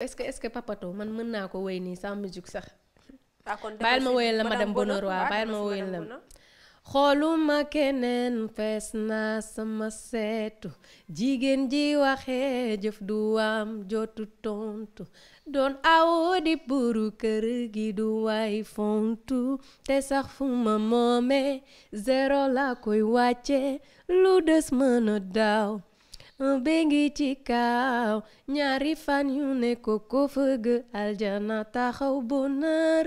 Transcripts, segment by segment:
est-ce que est-ce man mën naa ko woy nii sans musique sax. Ah, bàyyil ma woyal la madame Bonoroi ah, bàyyil ma woyal la xooluma keneen fees naa sama seetu jigéen ji waxe jëf du am jotu tontu doon awo di buru kër gi du waay fontu te sax fu ma moomee la koy wàcce lu des mën a be ngi ci kaw ñaari fan yu ne ko ko fëgg aljana taxaw bonheur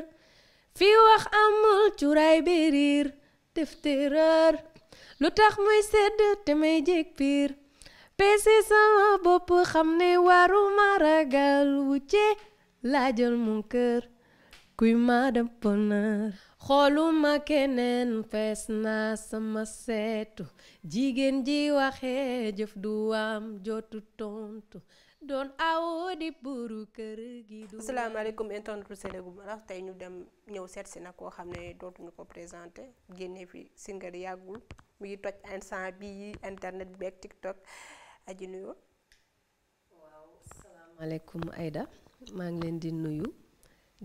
fi wax amul cuuraay bi riir def lu tax muy sedd te may jég piir peese sama bopp xam ne waru maragal wucce laajal mon cœur kuy madame bonheur xooluma keneen fees naa sama seetu jigéen ji waxee jëf du waam jotu tontu doon awo di buru kër gi du asalaamaaleykum internetu Sénégal bu rax tey ñu dem ñëw seet si nag koo xam ne dootuñu ko présenté génne fi singal yàggul mu ngi toj instant bi internet beeg tiktok aji nuyoo waaw asalaamaaleykum Aida maa ngi leen di nuyu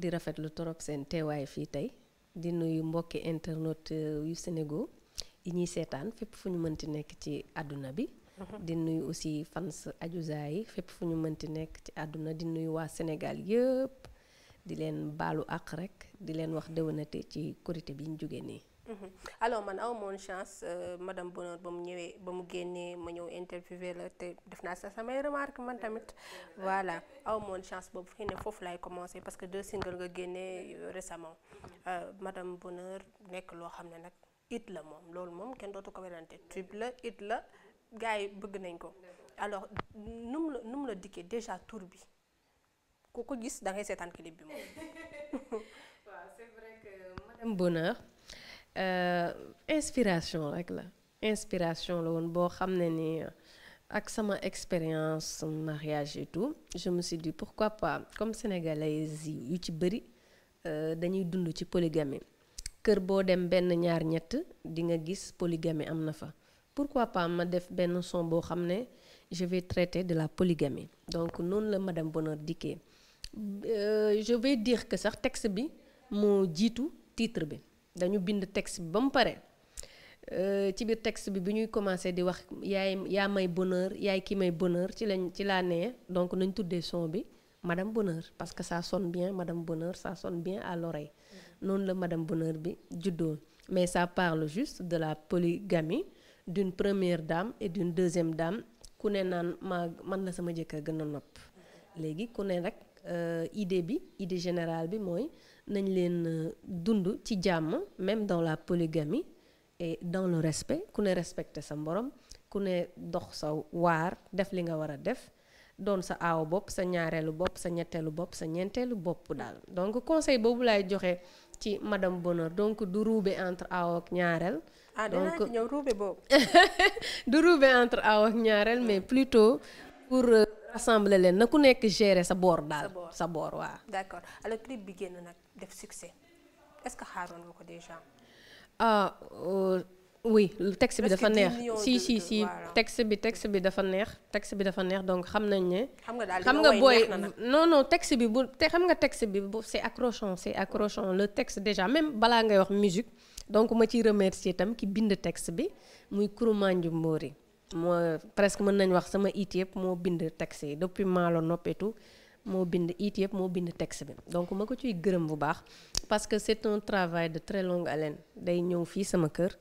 di rafetlu torop seen teewaay fii tey di nuyu mbokki internet euh, yu Sénégal yi ñuy seetaan fépp fu ñu mënti nekk ci àdduna bi. Mhm. di nuyu aussi fans Adiouza yi fépp fu ñu mënti nekk ci àdduna di nuyu waa Sénégal yëpp di leen baalu àq rek di leen wax déwénate ci korité bi ñu jógee nii. Mhm. alors man aw moon chance euh, madame Bonheur ba mu ñëwee ba mu génnee ma ñëw interviewé la te def naa sa samay remarque man tamit voilà aw moon chance boobu xëy na foofu lay commencé parce que deux singles nga génnee euh, récemment euh, madame Bonheur nekk loo xam ne nag it la moom loolu moom kenn dootu ko werante tube la it la gars yi bëgg nañ ko alors nu la nu la dikkee déjà tour bi ku ko gis da ngay seetaan clip bi moom. Euh, inspiration rek la inspiration la woon boo xam ne ni ak sama expérience mariage et tout je me suis dit pourquoi pas comme sénégalais yu ci bëri euh, dañuy dund ci polygamie kër boo dem benn ñaar ñett dinga gis polygamie am na fa pourquoi pas ma def benn son boo xam ne je vais traiter de la polygamie donc noonu la madame Bonheur dikkee euh, je vais dire que sax texte bi moo jiitu titre bi dañu bind texte bi ba mu pare euh, ci biir texte bi bi ñuy commencé di wax yaay yaa may bonheur yaay ki may bonheur ci lañ ci laa nee donc nañ tuddee son bi madame bonheur parce que ça sonne bien madame bonheur ça sonne bien à l'oreille noonu la madame bonheur bi juddoo mais ça parle juste de la polygamie d'une première dame et d'une deuxième dame ku ne naan maa man la sama jëkkër gën a nopp léegi ku ne rek euh, idée bi idée général bi mooy nañ leen euh, dund ci jàmm même dans la polygamie et dans le respect ku ne respecté sa mborom ku ne dox sa waar def li nga war a def doon sa aaw bopp sa ñaareelu bopp sa ñetteelu bopp sa ñeenteelu bopp daal donc conseil boobu laay joxe ci madame Bonheur donc du ruube entre aaw ak ñaareel. ah du ruube entre aaw ak ñaareel mais plutôt. pour euh, rassembler leen na ku nekk gérer sa boor daal. sa boor waa d'accord alors clip bi génn nag def succès est-ce que xaaroon nga ko déjà. ah euh, oui texte bi dafa neex si si si texte bi texte bi dafa neex texte bi dafa neex donc xam nañ ne. xam nga booy non non texte bi bu te xam nga texte bi bu c'est accrochant c'est accrochant le texte déjà même balaa ngay wax musique donc ma ciy remercier tam ki bind texte bi muy Kourouma yi moo presque mën nañ wax sama it yëpp moo bind texte yi depuis maalo noppetu moo bind it yëpp moo bind texte bi donc moo ko ciy gërëm bu baax parce que c'est un travail de très longue haleine day ñëw fii sama kër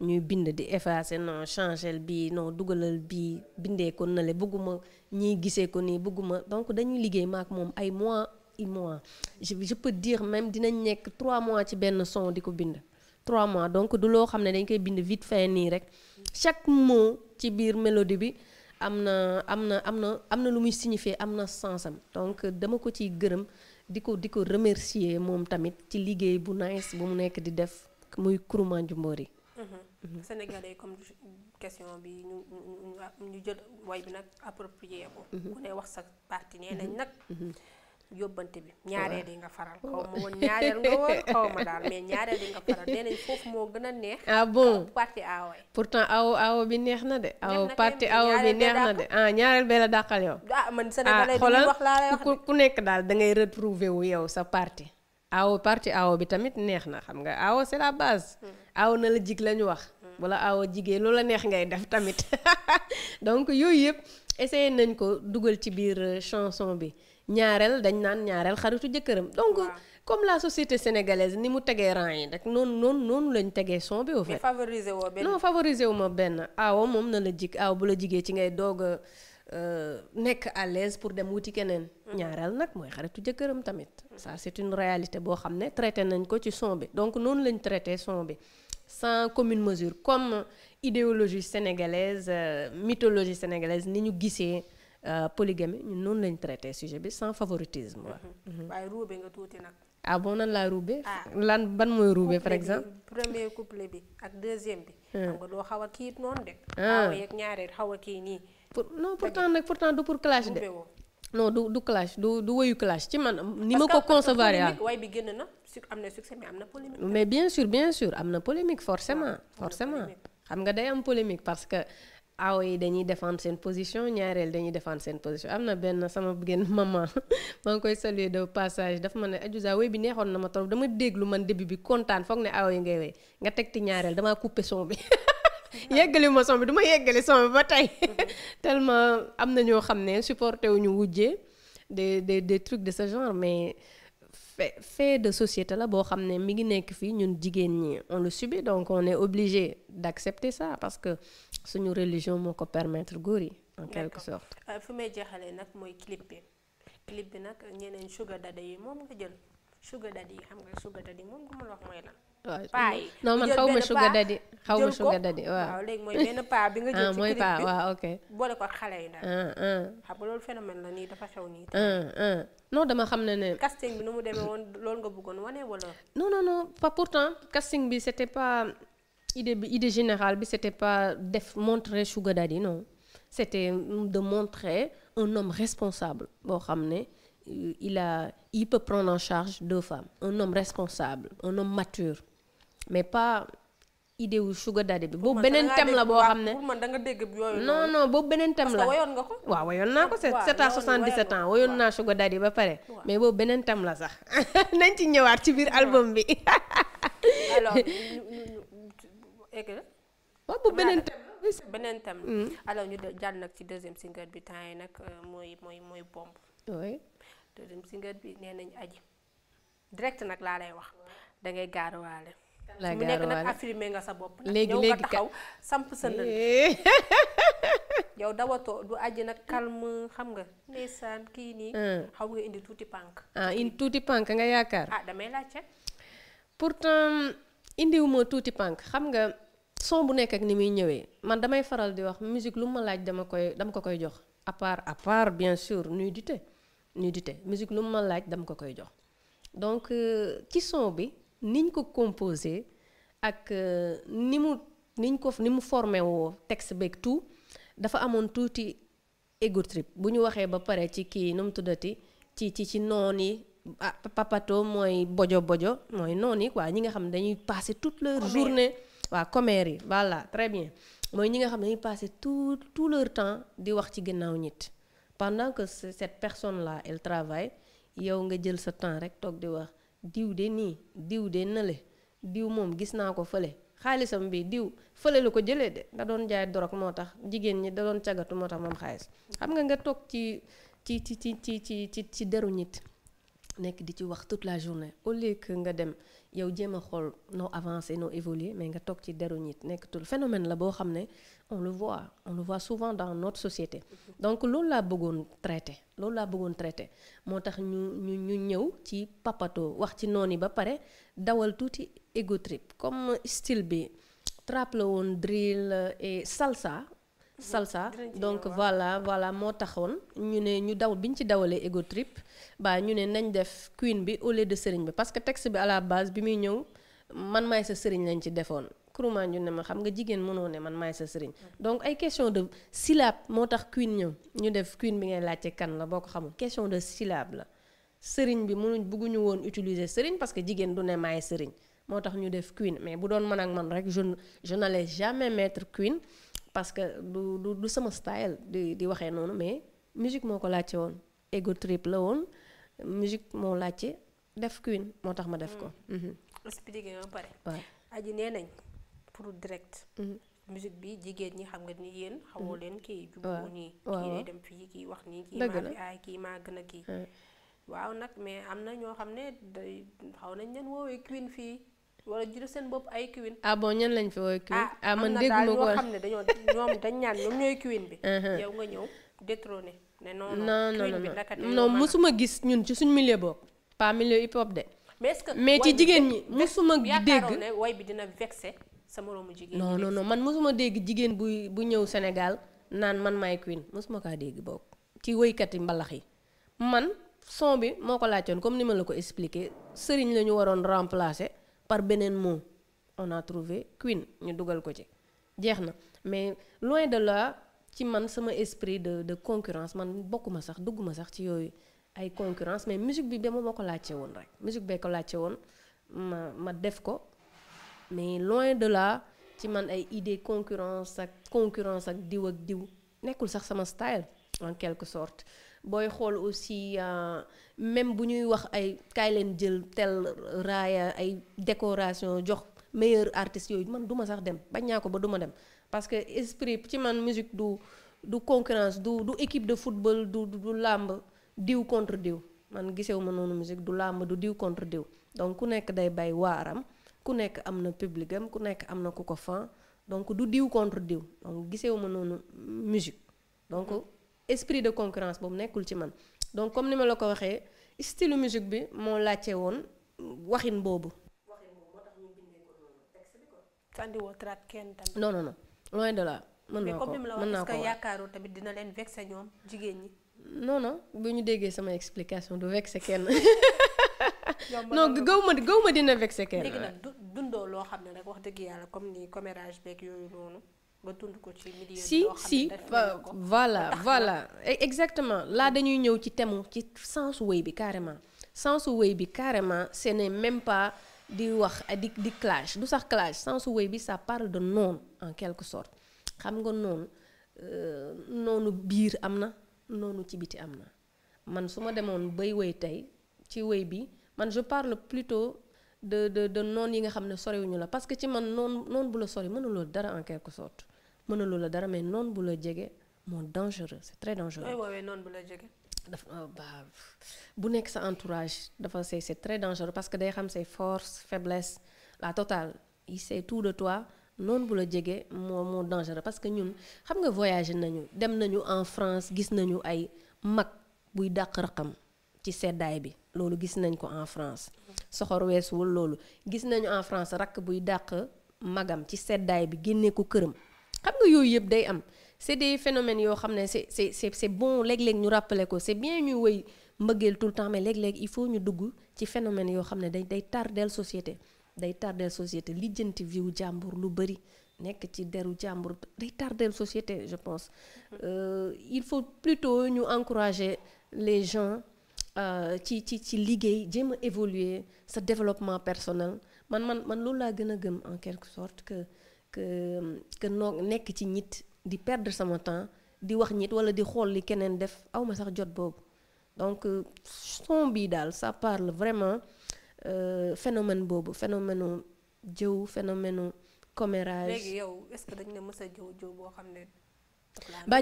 ñuy bind di effacer non changer bii non dugalal bii bindee ko nale bëgguma ñiy gisee ko nii bëgguma donc dañuy liggéey maak moom ay mois i mois je je peux dire même dinañ nekk trois mois ci benn son di ko bind trois mois donc du loo xam ne dañ koy bind vite fait nii rek chaque ci biir mélodie bi am na am na am na am na lu muy signifier am na sensam donc dama ko ciy gërëm di ko di ko remercier moom tamit ci liggéey bu nice bu mu nekk di def muy Kourouma Dioumbory. Mm-hmm. Mm-hmm. Sénégalais comme question bi ñu ñu ñu jël woy bi nag approprié ko. Mm-hmm. ku ne wax sa parti nee nañ nag. yóbbante bi ñaareel yi nga faral xaw ma woon ñaareel nga woon xaw ma daal mais ñaareel yi nga faral nee nañ foofu moo gën a neex ah bon parti awo pourtant awo awo bi neex na de parti awo bi neex na de ah ñaareel bee la dàqal yow ah man sénégalais ku nekk daal da ngay retrouver wu yow sa parti awo parti awo bi tamit neex na xam nga awo c'est la base awo na la jig lañu wax wala awo jigéen loolu la neex ngay def tamit donc yooyu yëpp essayé nañ ko dugal ci biir chanson bi ñaareel dañ naan ñaareel xaritu jëkkëram donc comme la société sénégalaise ni mu tegee rang yi rek noonu noonu noonu lañ tegee son bi au fait favoriser woo benn non wu ma benn aawo moom na la jig aw bu la jigee ci ngay doog a euh, nekk à l'aise pour dem wuti keneen mm-hmm. ñaareel nag mooy xaritu jëkkëram tamit ça c'est une réalité boo xam ne traité nañ ko ci son bi donc noonu lañ traité son bi sans commune mesure comme idéologie sénégalaise euh, mythologie sénégalaise ni ñu gisee Euh, polygamie ñu noonu lañ traité sujet bi sans favoritisme. Mhm. Mhm. waaye ruube nga tuuti nag. ah bon nan laa ah. ban mooy ruube par exemple. premier couple bi ak deuxième bi. Ah. doo xaw a kii de. waaw ah. xaw a kii nii. pour non pourtant nag pourtant pour clash de. non du du clash du du woyu clash ci man. ni ma ko concevoir yaa way bi génn na su am na succès mais am na polémique. mais bien sûr bien sûr na polémique forcément. forcément xam nga day am polémique parce que. aw ah yi dañuy défendre seen position ñaareel dañuy défendre seen position am na benn sama bëggeen maman maa ngi koy saluer de passage daf ma ne Adiouza woy bi neexoon na ma trop dama déglu man début bi kontaan foog ne aw ah yi ngay woy nga teg ci ñaareel damaa couper son bi yeggali ma son bi du ma yeggali son ba tey tellement am na ñoo xam ne supporté wu ñu wujjee des des des trucs de ce genre mais. fait fait de société la boo xam ne mi ngi nekk fii ñun jigéen ñi on le subit donc on est obligé d'accepter ça parce que suñu religion moo ko permettre góor yi en quelque sorte. Euh, fi may jeexalee nag mooy clip bi clip bi nag ñeneen sugar daddy yi moom nga jël sugar daddy yi xam nga sugar daddy moom nga ma wax mooy lan. paa yi non man xaw ma sugar daddy xaw ma sugar waaw léegi mooy benn paa bi nga jël ah, ci mooy paa boole ko xale yi daal ah, ah. xam nga loolu phénomène la nii dafa xew nii non dama xam ne ne casting bi nu mu demee woon loolu nga bëggoon wane wala non non non pas pourtant casting bi c'était pas idée bi idée général bi c'était pas def montrer sugar daddy non c'était de montrer un homme responsable boo xam ne il a il peut prendre en charge deux femmes un mais pas idée wu sugar daddy bi. boobu beneen thème la boo xam ne man da nga dégg yooyu non non boobu beneen thème la parce nga ko. waaw wayoon naa ko c'est 7 à 77 ans wayoon naa sugar daddy ba pare. mais boobu beneen thème la sax nañ ci ñëwaat ci biir album bi. alors waaw bu beneen thème mm. nag ci deuxième single bi temps yi nag euh, mooy mooy mooy bomb. oui bi nee nañ aji direct nag laa lay wax dangay ngay gaaruwaale. la mu nekk nag affirmé nga sa bopp. léegi léegi yow samp sa ndënd. yow dawatoo du àjji nag kalm xam nga. ndeysaan kii nii. Ah. xaw nga indi tuuti pànk. ah indi tuuti pànk nga yaakaar. ah damay laajte. pourtant indiwuma tuuti pànk xam nga son bu nekk ak ni muy ñëwee man damay faral di wax musique lu ma laaj dama koy dama ko koy jox. à part bien part bien sûr nudité nudité musique lu ma laaj dama ko koy jox donc euh, ci son bi. niñ ko composé ak euh, ni mu niñ ko ni mu formé woo texte beeg tout dafa amoon tuuti ego trip bu ñu waxee ba pare ci kii nu mu tuddati ci ci ci noon yi ah papato mooy bojo bojo mooy noon yi quoi ñi nga xam ne dañuy passer tout leur journée waa commère yi voilà très bien mooy ñi nga xam ne dañuy passer tout tout leur temps di wax ci ginnaaw nit pendant que cette personne la elle travaille yow nga jël sa temps rek toog di wax diw de nii diw de nële diw moom gis naa ko fële xaalisam bi diw fële la ko jëlee de da doon jaay dorog moo tax jigéen ñi da doon cagatu moo tax moom xaalis xam nga nga toog ci ci ci ci ci ci ci deru nit nekk di ci wax tout la journée au lieu nga dem yow jéem a xool noo avancé noo évoluer mais nga toog ci deru nit nekkatul phénomène la boo xam ne on le voit on le voit souvent dans notre société. donc loolu laa bëggoon traité loolu laa bëggoon traité moo tax ñu ñu ñu ñëw ci papato wax ci noonu ba pare dawal tuuti ego comme style bi trap la woon drill et salsa. salsa donc voilà voilà moo taxoon ñu ne ñu daw bi ñu ci dawalee ego trip ñu ne nañ def queen bi au lieu de sëriñ bi parce que texte bi à la base bi muy ñëw man maay sa sëriñ lañ ci defoon kuruma ñu ne ma xam nga jigéen mënoo ne man maay sa sëriñ mm. donc ay question de syllabe moo tax queen ñëw ñu def queen bi ngay laajte kan la boo ko xamul question de syllabe la sëriñ bi mënuñ bëgguñu woon utiliser sëriñ parce que jigéen du ne maay sëriñ moo tax ñu def queen mais bu doon man ak man rek je je n'allais jamais mettre parce que du du du sama style di di waxee noonu mais musique moo ko laajte woon ego trip la woon musique moo laajte def Queen moo tax ma def ko. Mm. Mhm. expliqué nga pare. aji nee nañ pour direct. Mhm. musique bi jigéen ñi xam nga ni yéen. xamoo mhm. leen kii jubóo kii day dem fii kii wax nii. kii maa fi aay kii maa gën a kii. waaw nag mais am na ñoo xam ne xaw nañ leen woowee Queen fii. wala jur seen bopp ay kiwin. ah bon ñan lañ fi woowee kiwin. a ah, ah, man dégguma ko xam ne dañoo ñoom dañ ñaan ñoom ñooy kiwin bi. Uh-huh. yow nga ñëw détrôné. ne non non mosuma gis ñun ci suñ milieu boobu. pas milieu hip hop de. mais est-ce mais ci jigéen ñi mosuma dégg yaakaaroon ne way bi dina vexé sa moroomu jigéen. non man mosuma dégg jigéen buy bu ñëw Sénégal naan man maay queen mosuma kaa dégg boobu. ci woykati mbalax yi man son bi moo ko laajoon comme ni ma la ko expliqué sëriñ la ñu waroon remplacer. par beneen mot on a trouvé queen ñu dugal ko ci jeex na mais loin de la ci man sama esprit de de concurrence man bokkuma sax dugguma sax ci yooyu ay concurrence mais musique bi dama ma ko laajte woon rek musique bee ko laajte woon ma ma def ko mais loin de la ci man ay idée concurrence ak concurrence ak diw ak diw nekkul sax sama style en quelque sorte booy xool aussi euh, même bu ñuy wax ay kaay leen jël tel raaya ay décoration jox meilleur artiste yooyu man du ma sax dem bañ naa ko ba du ma dem parce que esprit ci man musique du du concurrence du du équipe de football du du làmb diw contre diw man gisewu ma noonu musique du làmb du diw contre diw donc ku nekk day bay waaram ku nekk am na public ku nekk am na ku ko fan donc du diw contre diw donc gisewu ma noonu musique donc mm-hmm. esprit de concurrence boobu nekkul ci man donc comme ni ma la ko waxee style musique bi moo laajte woon waxin boobu. waxin boobu moo tax ñu bindee ko noonu texte bi ko. sànniwoo traite kenn tamit. non non non loin de là. mën naa ko mën naa ko mais comme ni ma la wax est-ce que yaakaaroo tamit dina leen vexé ñoom jigéen ñi. non non bu ñu déggee sama explication du vexé kenn. non gaw ma gaw ma dina vexé kenn. léegi nag dundoo loo xam ne rek wax dëgg yàlla comme ni commérage beeg yooyu noonu. ba dund ko ci milieu si si voilà voilà e, exactement là dañuy ñëw ci temu ci sensu wéy bi carrément sensu wéy bi carrément ce n'est même pas di wax di di clash du sax clash sensu wéy bi ça parle de noonu en quelque sorte xam nga noonu euh, noonu biir am na noonu ci biti am na man su ma demoon bay wéy tey ci wéy bi man je parle plutôt de de de noon yi nga xam ne soriwuñu la parce que ci man noon noon bu la sori mënuloo dara en quelque sorte mënalu la dara mais noon bu la jege moo dangereux c'est très dangereux. oui oui noon bu la jege. dafa euh, ba bu nekk sa entourage dafa c'est c'est très dangereux parce que day xam say force faiblesse la totale il sait tout de toi noonu bu la jege moo moo dangereux parce que ñun xam nga voyager nañu dem nañu en France gis nañu ay mag buy dàq raqam ci seddaay bi loolu gis nañ ko en France soxor weesuwul loolu gis nañu en France rakk buy dàq magam ci seddaay bi génnee ko këram xam nga yooyu yëpp day am c'est des phénomènes yoo xam ne c'est c'est bon léeg ñu rappeler ko c'est bien ñuy woy mbëggeel tout le temps mais léeg-léeg il faut ñu dugg ci phénomène yoo xam ne day day tardeel société day tardeel société lijjanti viwu jàmbur lu bëri nekk ci deru jàmbur day tardeel société je pense euh, il faut plutôt ñu encourager les gens euh, ci ci ci liggéey jéem évoluer sa développement personnel man man man loolu laa gën a gën en quelque sorte que que que noo nekk ci ñit di perdre sama temps di wax ñit wala di xool li keneen def aw ma sax jot boobu donc euh, son bii daal ça parle vraiment euh, phénomène boobu phénomène u jëw phénomène commérage léegi yow est-ce que dañ ne mës a jëw jëw xam ne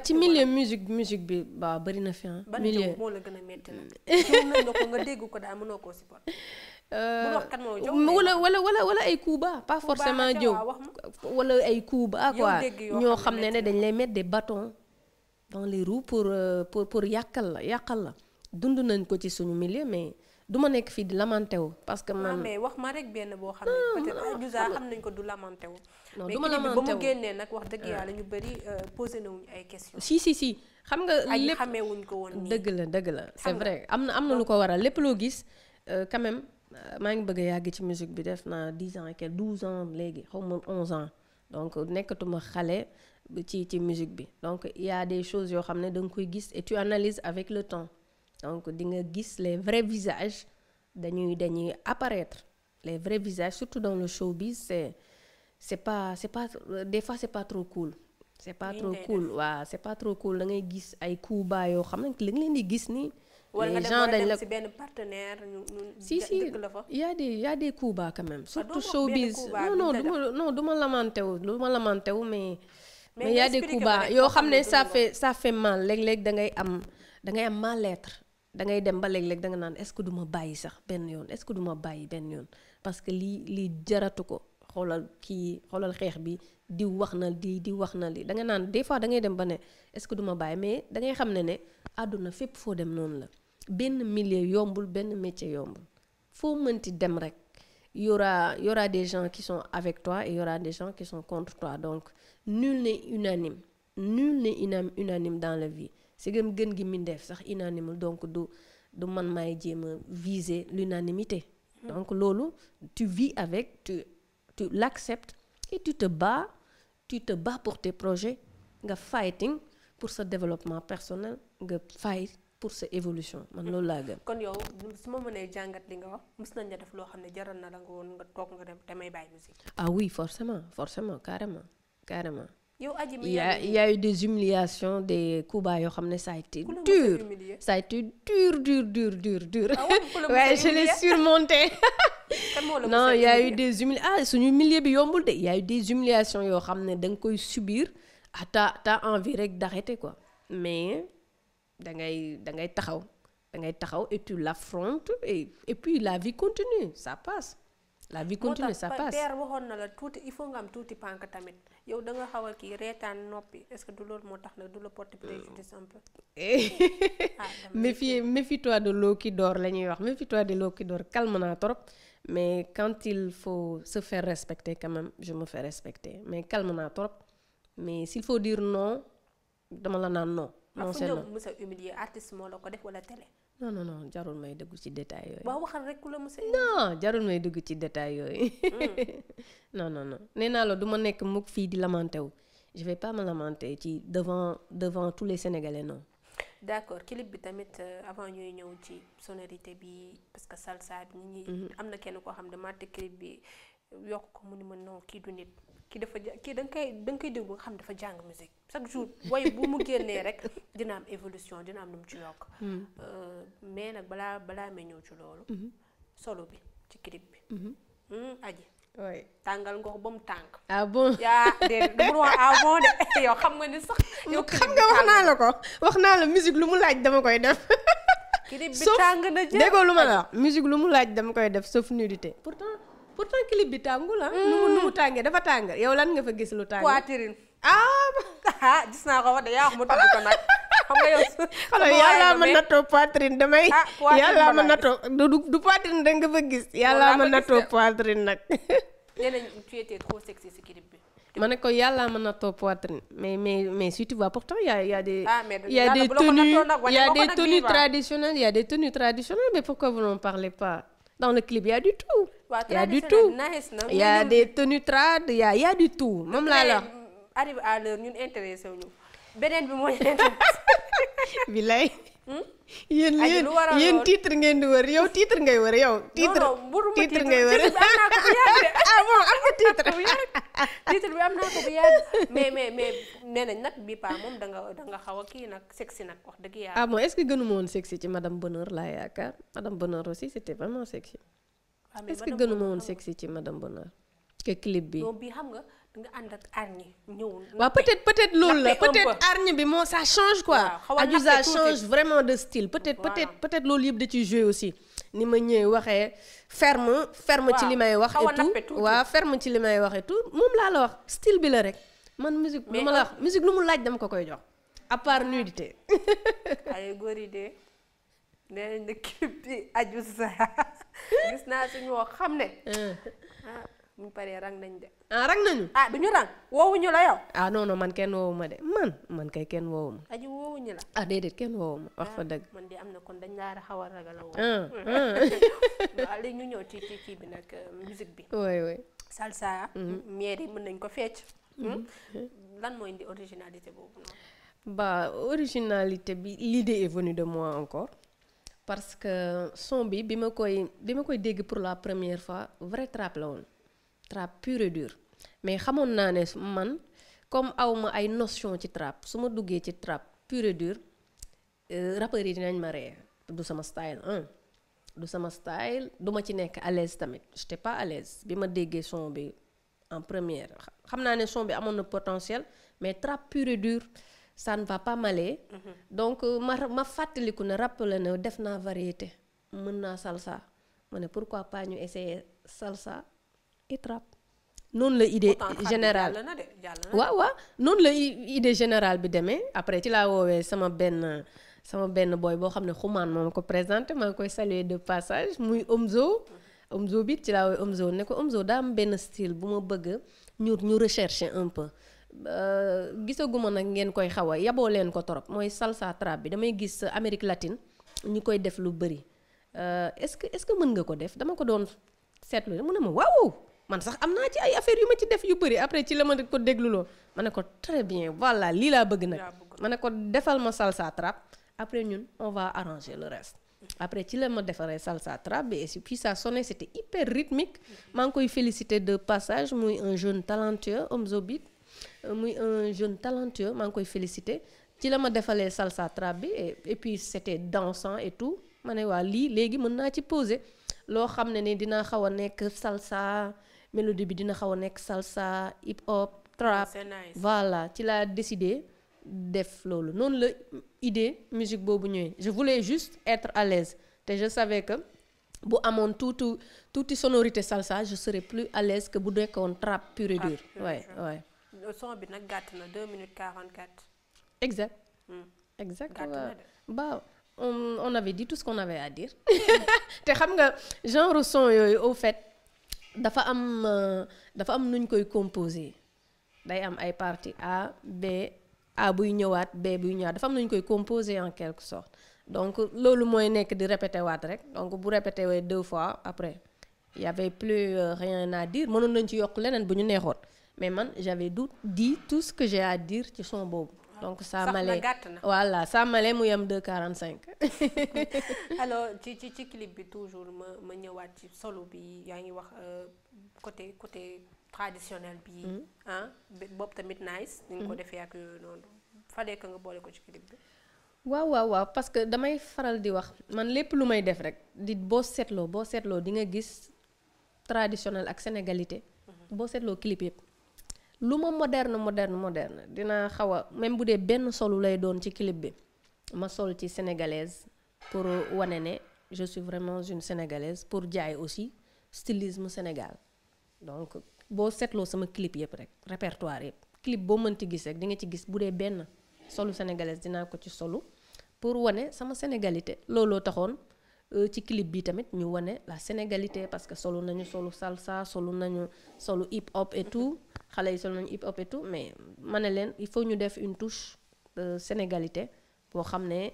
ci milieu musique musique bi waaw bari na fi ah. milieu moo la gën a métti nag. nga dégg ko daal mënoo koo supporter Euh, wala wala wala wala ay coups bas pas forcément jëw wala ay coups bas quoi ñoo xam ne ne dañ lay mettre des bâtons dans les roues pour euh, pour pour yàqal la yàqal la dund nañ ko ci suñu milieu mais du ma nekk fii di lamenté wu parce que man ah, mais wax ma rek benn boo xam ne nañ ko du lamenté wu non du ma lamenté wu génnee nag wax dëgg yàlla ñu bëri euh, posé na wuñ ay questions si si si xam nga lépp xamee ko woon dëgg la dëgg la c'est vrai am na am na lu ko waral lépp loo gis quand Euh, maa ngi bëgg a yàgg ci musique bi def naa dix ans et douze ans léegi xaw ma onze ans donc nekkatuma xale ci ci musique bi donc il y a des choses yoo xam ne da nga koy gis et avec le temps donc di nga gis les vrais visages dañuy dañuy apparaître les vrais visages surtout dans le showbiz c'est c'est pas c'est pas des fois c'est pas trop cool. c'est pas trop cool waaw c'est pas trop cool da ngay gis ay coups yoo xam ne li nga leen di gis nii. wala nga dem dem si benn partenaire ñu si si y a des même. Ah, surtout showbiz non non du ma non du ma ma lamenté wu mais. mais y a yoo xam ne ça fait ça fait mal léeg-léeg da ngay am da ngay am mal-être da ngay dem ba léeg-léeg da nga naan est-ce du ma bàyyi sax benn yoon est-ce que bàyyi benn yoon parce que lii lii jaratu ko xoolal kii xoolal xeex bi di wax na di di wax na li da naan des fois da dem ba ne est-ce que du ma bàyyi mais da ngay xam ne ne àdduna fépp foo dem noonu la. benn millier yombul benn métier yombul foo mënti dem rek y aura y aura des gens qui son avec toi et des gens qui sont contre toi donc nul n'est unanime nul n'est unanime dans la vie c'est gën gi mindeef sax unanimul donc du du man maay jéem a viser l'unanimité mm-hmm. donc loolu tu vis avec tu tu l'acceptes et tu te bats tu te bats pour tes nga fighting pour sa développement personnel nga fight pour sa évolution man loolu laa gëm. kon yow su ma mënee jàngat li nga wax mës nañ la def loo xam ne jaral na la nga woon nga toog nga dem damay bàyyi musique. ah oui forcément forcément carrément carrément. yow aji mi y' a y' des humiliations des coups yoo xam ne sa a été dur ça a été dur dur dur dur dur. waaye ah je l'ai surmonté. non y' a eu des humili ah suñu milieu bi yombul de y' a eu des humiliations yoo xam ne da nga koy subir ah t'as t'as envie rek d'arrêter quoi mais. da ngay da ngay taxaw da ngay taxaw et tu l'affrontes et puis la vie continue ça passe. la vie continue ça passe moo tax waxoon na la tuuti il faut nga am tuuti pànk tamit yow da xaw a kii reetaan noppi est-ce que du moo tax nag du la porter préjudice un peu. Ah, de l'eau qui dort la ñuy wax méfie-toi de l'eau qui dort calme naa trop mais quand il faut se faire respecter quand même je me fais respecter mais calme naa trop mais s'il faut dire non dama la naan non. non c'est non mës a humilier moo la ko def wala télé. non non jarul may dugg ci détail yooyu. waaw waxal rek ku la mës a. non jarul may dugg ci détail yooyu. Mm. non non non nee naa la du ma nekk mukk fii di lamenté wu. je vais pas me lamenter ci devant devant tous les sénégalais non. d' accord bi tamit euh, avant ñuy ñëw ci sonorité bi parce que salsa bi ñu. Mm-hmm. am na kenn koo xam ne maa te bi yokk ko mu ni ma non kii du nit kii dafa kii da nga koy da nga koy déglu xam dafa jàng musique chaque jour way bu mu génnee rek dina am évolution dina am ci yokk hmm. euh, mais nag balaa balaa may ñëw ci loolu hmm. solo bi ci clip bi hmm. aji oui tàngal ngox ba mu tàng. ah bon yaa déedéet du wax ah bon de xam nga ni sax. xam nga wax naa la ko wax naa la musique lu mu laaj dama koy def. clip bi tàng na jël déggoo lu ma la wax musique lu mu laaj dama koy def sauf nudité pourtant clip bi tàngul la ah. hmm. nu mu tàngee dafa tàng yow lan nga fa gis lu tàng. poitrine ah. ah gis naa ko wax de yaa wax mu tàng ko nag. xam nga yow xanaa yàlla ma nattoo poitrine damay. Ah, yàlla ma nattoo du poitrine da fa gis. yàlla ma nattoo poitrine nag. nee ma ne ko yàlla ma nattoo poitrine mais mais mais si tu vois pourtant y a y a des. ah mais y a des tenues a des tenues traditionnelles y a des tenues mais pourquoi vous n'en pas dans le clip y a du tout. y a du tout y a des tenues trad y a a du tout moom laa la. arrivé à l'heure ñun intéressé wu ñu beneen bi mooy bilay hmm? yéen yéen yéen titre ngeen di wër yow titre ngay wër yow. titre titre ngay wër ah bon am nga titre. titre bi am naa ko bu yàgg mais mais mais nee nañ nag bi paa moom da nga da nga xaw a kii nag sexy nag wax dëgg yàlla. ah bon est-ce que gënu ma woon sexy ci madame Bonheur laa yaakaar madame Bonheur aussi c'était vraiment sexy. est-ce que gënu ma woon sexy ci madame Bonheur. que clip bi non bii xam nga nga ànd ak arñi ñëw. être peut-être loolu la peut-être arñi bi moo ça change quoi. Adiouza change vraiment de style. peut-être peut-être peut-être loolu yëpp da ciy joué aussi. ni ma ñëwee waxee ferme. ferme ci li may wax et waa waaw ferme ci li may wax et tout moom laa la wax style bi la rek. man musique lu ma la euh, wax mu laaj dama ko koy jox. à part nudité. yi de nee nañ ne clip bi aju saa gis naa suñu woo xam ne. ah ñu ah, paree rang nañ de. ah rang nañu. ah du ñu rang woowuñu la yow. ah non man kenn woowuma de man man kay kenn woowuma. aji woowuñu la. ah déedéet kenn woowuma wax fa ah, dëgg. man di am na kon dañ laa xaw a ragal a woo. Ah, ñu ñëw ci bi nag euh, musique bi. oui oui. salsa. Mm-hmm. mière yi mën nañ ko fecc. Hmm? Mm-hmm. lan moo indi originalité boobu noonu. ba originalité bi l'idée est venue de moi encore. parce que son bi bi ma koy bi ma koy dégg pour la première fois vrai trap la woon trap pur et mais xamoon naa ne man comme aw ma ay notion ci trap su ma duggee ci trap pur et dur euh, nañ ma ree du sama style hein du sama style du ma ci nekk à l'aise tamit te pas à bi ma déggee son bi en première xam naa ne son bi amoon na potentiel mais trap pur et ça ne va pas m'aller mm-hmm. donc euh, ma ma fàttaliku ne rappelé na def naa variété mën naa salsa ma ne pourquoi pas ñu essayer salsa et trap noonu la idée générale waaw waaw noonu la idée général bi demee après ci laa woowee sama benn sama benn booy boo xam ne xumaan moo ko présenté maa ngi koy saluer de passage muy Omzo mm-hmm. Omzo bi ci laa woowee Omzo ne ko Omzo daa benn style bu ma bëgg ñu ñu rechercher un peu Euh, gisaguma nag ngeen koy xaw a yaboo leen ko torop mooy salsa trap bi damay gis Amérique latine ñu koy def lu bëri euh, est-ce que est-ce que mën nga ko def dama ko doon seetlu mu ne ma waaw man sax am naa ci ay affaire yu ma ci def yu bëri après ci la ma ko dégluloo ma ne ko très bien voilà lii laa bëgg nag ma ne ko defal ma salsa trap après ñun on va arranger le reste après ci la ma defaree salsa trap bi e puis ça sonné c'était hyper rythmique mm-hmm. maa ngi koy féliciter de passage muy un jeune talentueux Omzo Beat Euh, muy un jeune talentueux maa ngi koy félicité ci la ma defalee salsa trap bi et puis c'était dansant et tout ma ne waa lii léegi mën naa ci poser loo xam ne nii dina xaw a nekk salsa mélodie bi dina xaw a nekk salsa hip hop trap voilà ci laa décidé def loolu noonu la idée musique boobu ñëwee je voulais juste être à l'aise te je savais que bu amoon tuuti touti sonorité salsa je serais plus à l'aise que bu nekkoon trap pur et waaye waaye son bi nag gàtt na 2 minutes 44. exact. exact waaw waaw on on avait dit tout ce qu'on à dire te xam nga genre son yooyu au fait dafa am euh, dafa am nuñ koy composer day am ay partie A B A buy ñëwaat B buy ñëwaat dafa am nuñ koy composer en quelque sorte donc loolu mooy nekk di répété waat rek donc bu répété wee deux fois après y avait plus euh, rien à dire mënoon nañ ci yokk leneen bu ñu neexoon. mais man j'avais du di tout ce que j'ai à dire ci son boobu donc saamale voilà saamale mu yem 2,45. alors ci ci ci clip bi toujours ma ma ñëwaat ci solo bi yaa ngi wax euh, côté côté traditionnel bi ah tamit nice ni ko mm. defee ak yooyu noonu fallait que nga boole ko ci clip bi waaw waaw waaw parce que damay faral di wax man lépp lu may def rek di boo seetloo boo seetloo di nga gis traditionnel ak sénégalité mm-hmm. boo seetloo clip yëpp lu ma moderne moderne moderne dinaa xaw a même bu dee benn solu lay doon ci clip bi ma sol ci sénégalaise pour wane ne je suis vraiment une sénégalaise pour jaay aussi stylisme Sénégal donc boo seetloo sama clip yëpp rek répertoire yëpp clip boo mënti gis rek di nga ci gis bu dee benn solu sénégalaise dinaa ko ci solu pour wane sama sénégalité looloo taxoon. Euh, ci clip bi tamit ñu wane la sénégalité parce que solu nañu solu salsa solu nañu solu hip hop et tout xale yi solu nañu hip hop et tout mais ma ne leen il faut ñu def une touche de sénégalité boo xam ne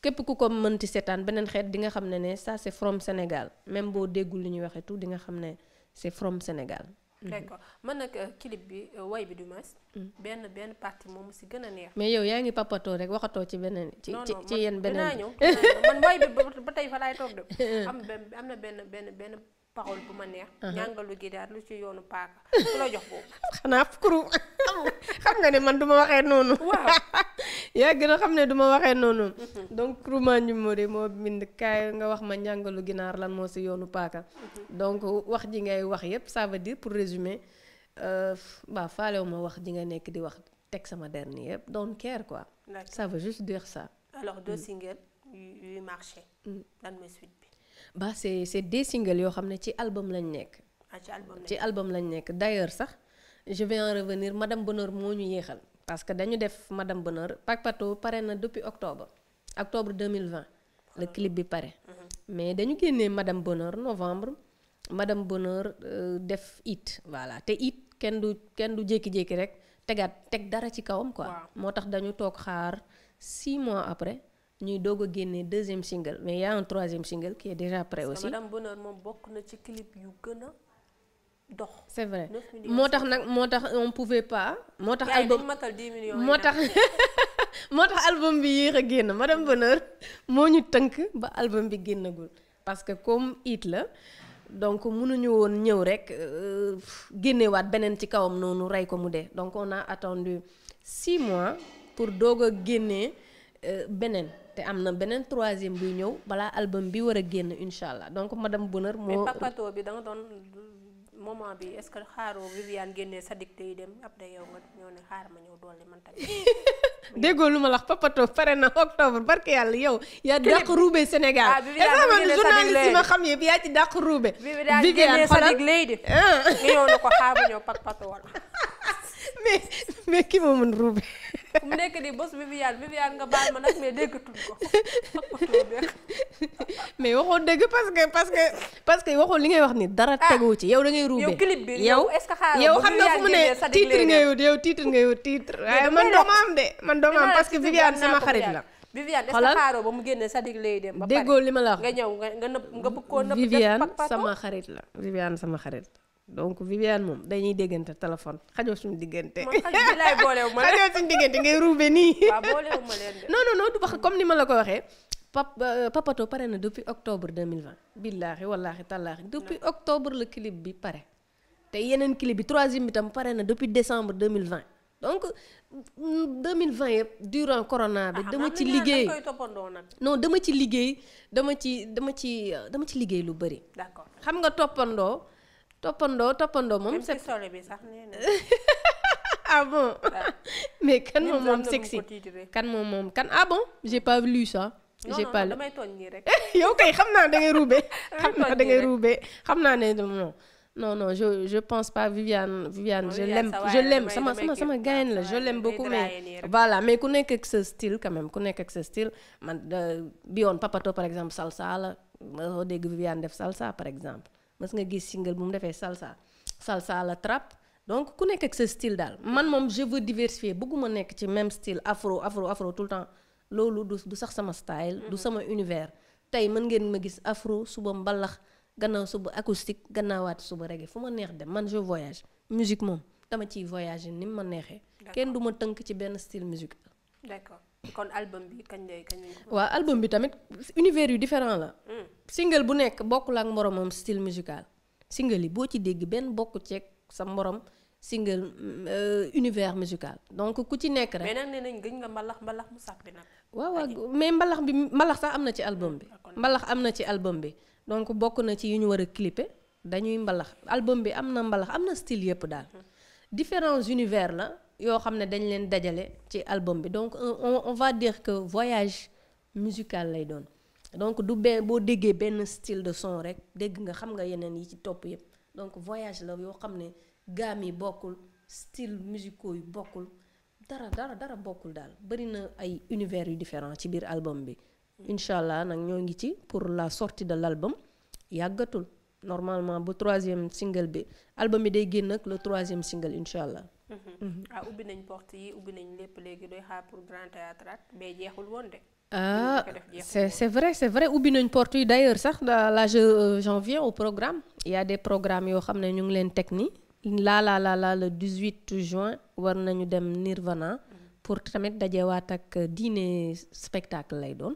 képp ku ko mënti seetaan beneen xeet di nga xam ne ne ça c'est from Sénégal même boo déggul li ñuy waxee tout di nga xam ne c'est from Sénégal. Mm-hmm. d' accord man nag euh, clip bi euh, way bi du mas mm. benn benn partie moom si gën a neex. mais yow yaa ngi papatoo rek waxatoo ci beneen. ci ci ci yéen beneen bi non man way bi ba tey fa laay toog de. am na benn benn benn parole bu ma neex. ñàngalu gi daal lu ci yoonu paaka ku la jox boobu. xanaa kuru. xam nga ne man du ma waxee noonu. waaw yaa gën a xam ne duma ma waxee noonu. Mhm. donc Rouma Ndioumori moo bind kaay nga wax ma njàngalu ginaar lan moo si yoonu paaka. Mhm. donc wax ji ngay wax yépp ça veut dire pour résumer waa euh, faalewu ma wax ji nga nekk di wax teg sama dernier yépp don't care quoi. ça veut juste dire ça. alors deux mm. singles yuy marché. Mm. lan mooy suite bi. ba c'est c'est des singles yoo xam ne ci album lañ nekk. Ah, ci album lañ nekk ci album nekk d'ailleurs sax. je vais en revenir madame Bonheur moo ñu yéexal parce que dañu def madame Bonheur Pak Pato pare na depuis octobre octobre 2020 le clip bi pare. Mhm. mais dañu génnee madame Bonheur novembre madame Bonheur euh, def it voilà te it kenn du kenn du jékki-jékki rek tegaat teg dara ci kawam quoi. moo tax dañu toog xaar six mois après. ñuy doog a génne deuxième single mais y a troisième single qui est déjà prêt aussi. madame Bonheur moom bokk na ci clip yu gën dox. moo tax nag moo tax on pouvait pas. moo tax album moo tax moo tax album bi yéex a génn madame Bonheur moo ñu tënk ba album bi génnagul. parce que comme it la donc munuñu woon ñëw rek euh, génnewaat beneen ci kawam noonu rey ko mu dee donc on a attendu six mois pour doog a génnee euh, beneen. te am na beneen troisième buy ñëw balaa album bi war a génn incha allah donc madame Bonheur. moo mais bi da doon moment bi est-ce que xaaroo Viviane génnee sa dictée yi dem après yow nga ñëw ne xaar ma ñëw dolli man tamit. déggoo lu ma lax wax papato pare na octobre barke yàlla yow. yaa dàq ruube Sénégal. ah Viviane journaliste yi ma xam yëpp yaa ci dàq ruube. Viviane génnee sa dig léegi nga ñëw ne ko xaar mais mais ki ma mën ruube. fu mu nekk nii bos Viviane Viviane nga baal ma nag mais déggatul ko mais waxoon dëgg parce que parce que parce que waxoon li ngay wax ni dara ah, tegu ci yow da ngay ruubee yow clip bi yow est-ce que xaaral yow xam nga ah, man dooma am man dooma am parce que Viviane sama xarit la Viviane est-ce que xaaroo ba mu génnee Sadik lay dem ba pare déggoo li ma la nga ñëw nga nga nëpp nga bëgg koo nëpp Viviane sama xarit la Viviane sama xarit donc Viviane moom dañuy déggante téléphone xajoo suñu diggante. man xajul lay boolewu xajoo suñu diggante ngay ruube nii. waaw boolewu ma leen de. non non non du wax comme ni ma la ko waxee. pap euh, Papato pare na depuis octobre 2020. billaahi wallaahi tallaahi depuis octobre la clip bi pare. te yeneen clip bi troisième bi tam pare na depuis décembre 2020 donc 2020 yëpp durant corona bi. Ah, dama ci liggéey non dama ci liggéey dama ci dama ci euh, dama ci liggéey lu bëri. d'accord xam nga toppandoo. toppandoo toppandoo mom c' est bi sax nee na ah bon mais kan moom moom sexy kan moom moom kan ah bon j'ai pas lu ça. j'ai pas lu yow kay xam naa da ngay ruube. xam naa da ngay ruube xam ne non non non je je pense pas Viviane Viviane je l'aime je l'aime sama sama sama la je l'aime beaucoup mais voilà mais ku nekk ak sa style quand même ku nekk ak sa style man euh, bi yoon Papato par exemple salsa la ma dégg Viviane def salsa par exemple. mës nga gis single bu mu defee salsa salsa la trap donc ku nekk ak sa style daal man moom je veux diversifier bëgguma nekk ci même style afro afro afro tout loolu du du sax sama style. du mhm. sama univers. tey mën ngeen ma gis afro suba mbalax gannaaw suba acoustique gannaawaat suba reggae fu ma neex dem man je voyage musique moom dama ciy voyage ni mu ma neexee. kenn du ma tënk ci benn style musique. d'accord. kon album bi kañ lay waaw album bi tamit univers yu différent la. Hmm. single bu nekk bokkul ak moromam style musical. single yi boo ci dégg benn bokku ceeg sa morom single euh, univers musical donc ku ci nekk rek. mais nag nañ gëj nga mbalax mbalax mu sax bi nag. waaw waaw mais mbalax bi mbalax sax am na ci album bi. mbalax am na ci album bi. donc bokk na ci yu ñu war a clipper dañuy mbalax album bi am na mbalax am na style yëpp daal. Hmm. différents univers la. yoo xam ne dañ leen dajale ci album bi donc euh, on, on va dire que voyage musical lay doon donc du benn boo déggee benn style de son rek dégg nga xam nga yeneen yi ci topp yëpp donc voyage la yoo xam ne gaam yi bokkul style musicaux yu bokkul dara dara dara bokkul daal bëri na ay univers yu différent ci biir album bi incha allah nag ñoo ngi ci pour la sorti de l' album yàggatul normalement bu troisième single bi album bi day génn ak le troisième single incha allah Mm-hmm. ah ubbi nañ porte yi ubbi nañ lépp léegi doy xaar pour grand théâtre ak mais jeexul woon de. ah c'est c'est vrai c'est vrai ubbi nañ porte yi d'ailleurs sax là je euh, j'en au programme il y a yoo xam ne ñu ngi leen teg nii laa laa laa laa le 18 juin war nañu dem Nirvana mm-hmm. pour tamit dajewaat ak euh, diine spectacle lay doon.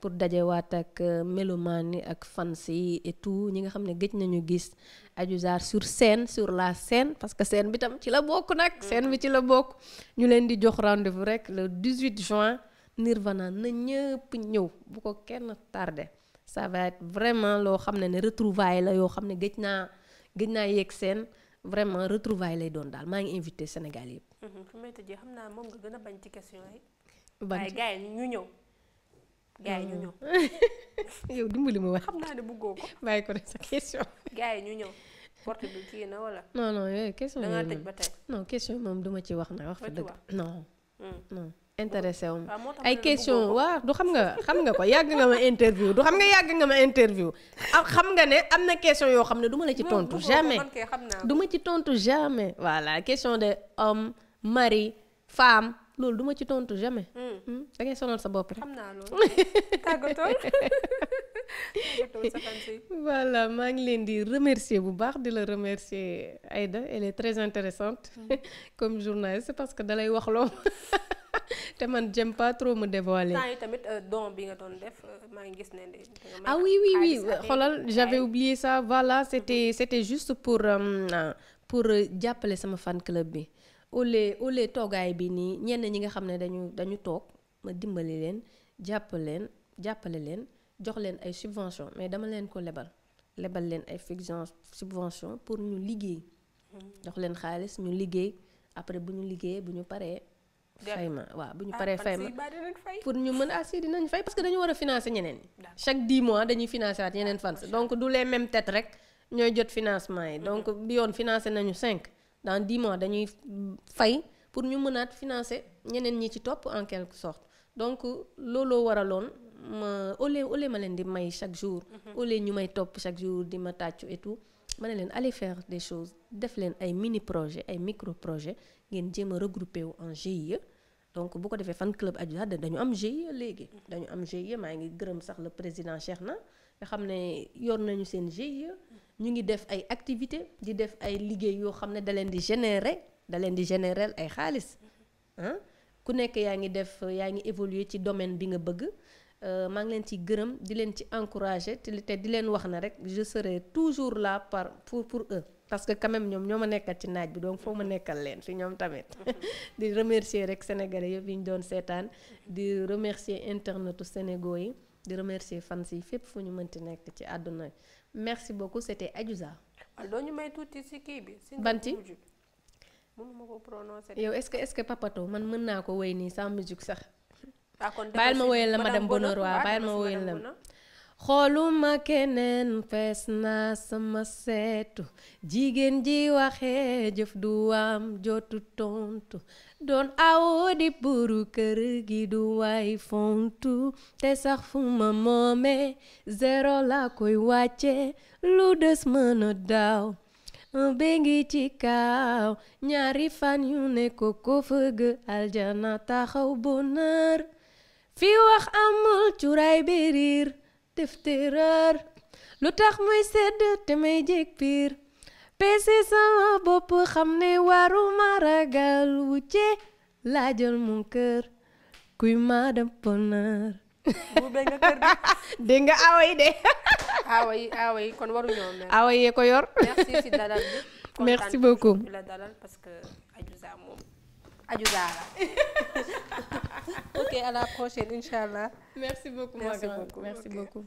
pour dajewaat ak euh, melomaan yi ak fan si et ñi nga xam ne géej nañu gis Adji Sarr sur scène sur la scène parce que scène bi tam ci la bokk nag mm. scène bi ci la bokk ñu leen di jox rendez-vous rek le 18 juin Nirvana na ñëpp ñëw bu ko kenn tardé ça vraiment loo xam ne ne retrouvaille la yoo xam ne géej naa gëj naa yeeg scène vraiment retrouvaille lay doon daal maa ngi invité Sénégal yëpp. Mm-hmm. yi. waaye gars yi ñu ñëw. gars yi ñu hmm. ñëw. yow dimbali moo wax. xam naa ne bëggoo ko. bàyyi ko de sa question. gars yi ñu ñëw. porte bi wala. non non yooyu question. da ba tey non moom duma ci wax nag wax fa dëgg. non hmm. non. intéressé ah, ay question waa du xam nga xam nga ko yàgg nga ma interview du xam nga yàgg nga ma interview ak ah, xam nga ne am na question yoo xam ne duma la ci tontu jamais du ma ci tontu jamais voilà question de homme mari femme loolu duma ci tontu jamais. Hmm. Hmm? da ngay sa bopp rek. xam naa loolu voilà maa ngi leen di remercier bu baax di la remercier Aïda elle est très intéressante hmm. comme journaliste parce que dalay wax loo te man j'aime pas trop me dévoiler. tamit euh, don bi nga doon euh, maa ngi gis ne ah oui oui oui xoolal j'avais oublié ça voilà c'était c'était juste pour euh, pour jàppale sama fan club bi. au lieu au lieu toogaay bi nii ñenn ñi nga xam ne dañu dañu toog ma dimbali leen jàpp leen jàppale leen jox leen ay subvention mais dama leen ko lebal lebal leen ay fiction subvention pour ñu liggéey mm-hmm. jox leen xaalis ñu liggéey après bu ñu liggéeyee bu ñu paree fay ma waa bu ñu ah, paree fay ma pour ñu mën ah si dinañ fay parce dañu war a ñeneen ñi chaque dix mois dañuy financer waat ñeneen fans donc du les mêmes têtes rek ñooy jot financement yi mm-hmm. donc bi yoon financé nañu cinq dans dix mois dañuy fay pour ñu mënaat financer ñeneen ñi ci topp en quelque sorte donc looloo waraloon ma au lieu ma leen di may chaque jour. Mhm. au ñu may topp chaque jour di ma tàccu et ma ne leen aller faire des choses def leen ay mini projet ay micro projet ngeen jéem a regrouper wu en GIE. donc bu ko defee fan club Adiouza dañu am GIE léegi. Mhm. dañu am GIE maa ngi gërëm sax la président na nga xam ne yor nañu seen GIE ñu ngi def ay activités di def ay liggéey yoo xam ne da leen di générer da leen di générer ay xaalis ah ku nekk yaa ngi def yaa ngi évoluer ci domaine bi nga bëgg euh, maa ngi leen ci gërëm di leen ci encourager te di leen wax na rek je serai toujours là par pour pour eux parce que quand ñoom ñoo ma nekkal ci naaj bi donc foo ma nekkal leen fi ñoom tamit di remercier rek sénégalais yëpp yi ñu doon seetaan di remercier internetu Sénégal yi. di remercier fans yi fépp fu ñu mënti nekk ci àdduna merci beaucoup c'était Adiouza. waaw ah, doo ñu may tuuti si kii bi. banti mënuma ko prononcer. yow est-ce que est-ce que papato man mën naa ko woy nii sans musique sax. ah kon baal ma woyal la madame Bonheur waaw baal ma woyal la. xooluma keneen fees naa sama seetu jigéen ji waxe jëf du am jotu tontu doon awo di buru kër gi du waay fontu te sax fu ma moomee zéro la koy wàcce lu des mën a daaw béngi ci kaaw ñaari fan yu ne ko ko fëgg aljana taxaw bonheur fi wax amul cuuraay bi def lu tax muy sedd te may jég piir peese sama bopp xam ne waru ma ragal wucce laajal mon cœur kuy madame bonheur buubee nga awa yi de awa yi awa yi kon waruñoo mel awa yee ko yor merci si dalal bi merci beaucoup parce que Adjudara. ok à la prochaine incha allah. merci beaucoup ma grande merci beaucoup.